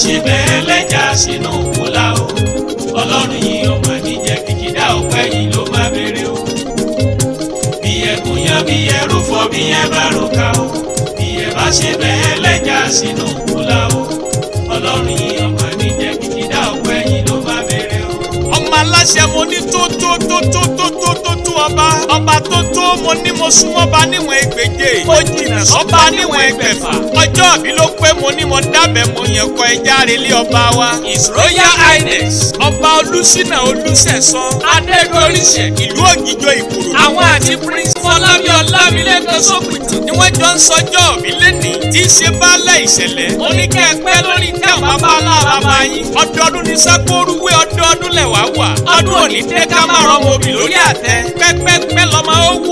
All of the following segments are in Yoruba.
àṣìbẹ̀ ẹlẹ́jà sínú kúlà o ọlọ́run yìí ọmọ àdìjẹ kìkìdá ọpẹ́ yìí ló má béèrè o bí ẹ kò yan bí ẹ rò bí ẹ bá rò ká o bí ẹ bá ṣìbẹ̀ ẹlẹ́jà sínú kúlà o ọlọ́run yìí ọmọ àdìjẹ kìkìdá ọpẹ́ yìí ló má béèrè o. ọmọ aláṣẹ mo ní tó tó tó tó tó tó tó ọba ọba tó tó mo ní mo súnmọ́ ba níwọ̀n ẹgbẹ̀je ó jì ọba níwọ̀n ẹgbẹ̀fà ọjọ́ mi ló pé mo ní mo dábẹ́ mo yàn kọ ẹja relé ọba wa. his royal highness ọba olùsínà olùsẹ̀sán adégoríṣẹ̀ ìlú ògìjọ ìkòrò. àwọn àti prince fọlábí ọlámilẹ́kan sókùtì ni wọ́n jọ ń sọjọ́ mi lẹ́nìí tí í ṣe báálẹ̀ ìṣẹ̀lẹ̀. oníkẹ́ pẹ́ lórí káwọn bá lára máa yín. ọdọọdún ní sákóruwé ọdọọdún lẹ̀ wá wà. ọdún òní tẹ́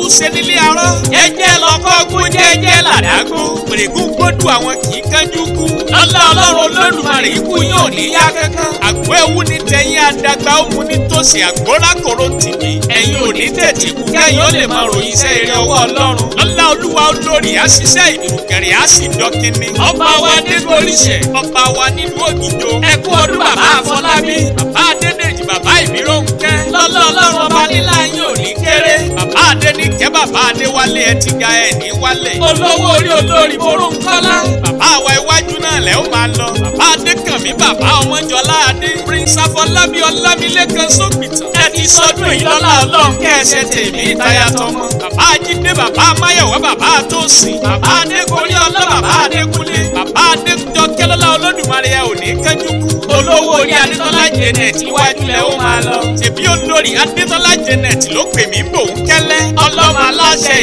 ń ṣe nílé arọ́. jẹ́jẹ́ lọ́kọ́ kú jẹ́jẹ́ làdágún. pèrègùn gbọ́dọ̀ àwọn kì í kánjú kú. lọ́lá ọlọ́run olódùmarè ikú yóò ní yá kankan. àgbo ẹ̀wù ní tẹ̀yìn àdàgbà òmu ní tòsí àgbọ́lákòrò tìbí. ẹ̀yin ò ní tètè kú kẹ́yìn ó lè máa ròyìn iṣẹ́ eré ọwọ́ ọlọ́run. lọ́lá olúwa olórí á ṣiṣẹ́ ìdùnkẹ̀rẹ̀ á sì dọ́kíní. ọba wa dé gbóríṣẹ̀ ọba wa nílùú ògìjọ. bàbá adéwálé ẹ ti ga ẹ ní wálẹ̀. olówó orí olórí Mọ́rúnkọ́lá. bàbá àwa iwájú náà lẹ́ ó máa lọ. bàbá adékànmí bàbá ọmọjọlá adé. prince afọlábí ọlámilékan sópìtàn. ẹ ti sọdún ìlọ́lá ọlọ́run kẹ́ẹ̀ṣẹ̀ tèmi ìtayà tọmọ. bàbá ajídé bàbá amáyẹ̀wò bàbá àtòsí. bàbá adégorí ọlá bàbá adékúnlé. bàbá adéjọkẹ́lọ́lá olódùmarè ẹ ò ní kánjú kú. olówó orí adétọ́lá jẹnẹ̀tì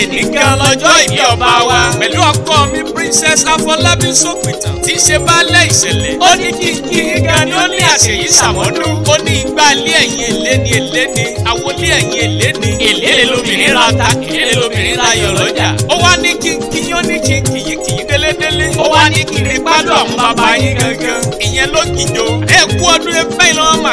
ìní gan lọ́jọ́ ìbí ọba wa. pẹ̀lú ọkọ mi princess afọlábí sópìtàn tí í ṣe baálẹ̀ ìṣẹ̀lẹ̀. ó ní kí n kí n gan ni ó ní àṣeyí sàmọ́dún. ó ní igbá ilé ẹ̀yìn eléni eléni àwọlé ẹ̀yìn eléni. èlé lóbìnrin ta èlé lóbìnrin ra yọ̀ lọ́jà. ó wá ní kí n kí yó ní kí n kìyí kìyí délédélé. ó wá ní kí n rí gbádùn àwọn bàbá yín gangan. ìyẹn ló kìjọ. ẹ kú ọdún ẹgbẹ́ ìlànà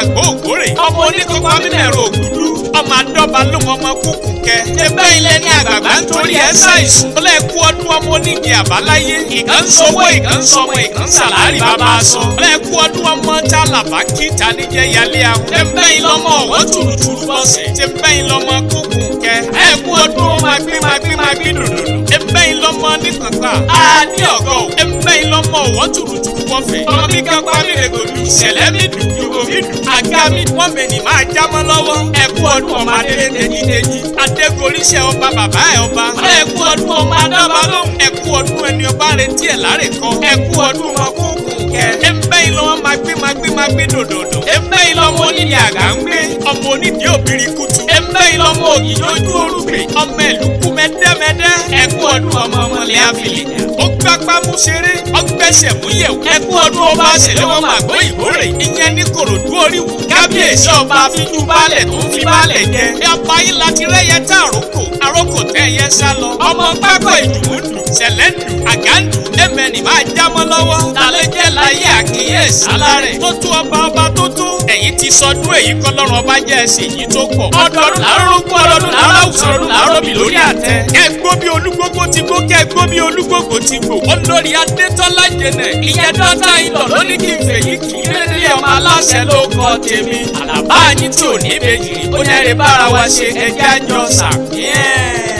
ọmọ adọ́ba lóun ọmọ kúkú kẹ. ẹgbẹ́ ilẹ̀ ní àgbàgbà ń torí ẹ ṣàìsùn. ó lẹ́ kú ọdún ọmọ onígi àbáláyé. ìkan ń sọwọ́ ìkan ń sọmọ ìkan ń sàlárì bàbá aṣọ. ó lẹ́ kú ọdún ọmọ tá làbá kí tanijẹ́ yálé àwọn. ẹgbẹ́ ìlọmọ ọ̀wọ́ tùrùtùrù bọ̀sẹ̀. ẹgbẹ́ ìlọmọ kúkú kẹ. ẹ kú ọdún ọmọ agbímagbímagbí dùdùdù. ẹgbẹ́ ìlọmọ nípàpà. a ní ọ̀gọ́ wọ́n fẹ́. ọmọ mi kan pa mi rèkò dùn ṣẹlẹ̀ mi dùn yòkó mi dùn. àga mi wọ́n fẹ́ ni máa jámọ́ lọ́wọ́. ẹ̀kú ọdún ọmọ adélé tẹ́jí tẹ́jí. adégoríṣẹ́ ọba bàbá ẹ̀ ọba. ẹ̀kú ọdún ọmọ adábá lóhùn. ẹ̀kú ọdún ẹni ọba retí ẹ̀ láre kan. ẹ̀kú ọdún ọmọ kúkú kẹ. ẹ ń bẹ́ wọn máa gbé máa gbé máa gbé dòdòdò. ẹ ń bẹ́ ilọ́ wọn onílé àgbà ń gbé. ọmọ onídìí òbírí kutu. ẹ ń bẹ́ wọn òyìnbó ojú orúkè. ọmọ ìlú kú mẹ́dẹ́mẹ́dẹ́. ẹ̀kú ọdún ọmọ ọmọlẹ́ àfìlì pápámú ṣeré ọgbẹ́sẹ̀ múyẹ̀wò ẹkú ọdún ọba ṣẹlẹ̀ wọn gbàgbọ́ ìgbórè ìyẹn ní kòròdú oríwu kábíyèsí ọba fíjú balẹ̀ tó ń fi balẹ̀ jẹ ọba yìí láti rẹ́yẹ tá àrókò àrókò tẹ́ ẹyẹ sá lọ ọmọ pápá ìdùnnú sẹ̀lẹ́ndù àgáǹdù ẹ̀mẹ́ni máa jámọ́ lọ́wọ́ tàlẹ́jẹ́ láyé àkíyèsí alárẹ̀ tó tú ọba ọba ti sọdún èyí kọlọ́run ọba jẹ́ ẹsẹ̀ èyí tó pọ̀. ọdọọdún làárọ̀ kú ọdọọdún làárọ̀ àwùjọ ọdún làárọ̀ mi lórí àtẹ. kẹgbó bí olúgbógbó ti gbó kẹgbó bí olúgbógbó ti gbó. olórí adétọ́lá jẹnẹ ìyẹn dọ́tà ìlọ ló kí n fèyí kì í lélẹ̀ ọmọ aláṣẹ ló kọ tèmi. àlàbáyé tí ní ìbejì ó yẹ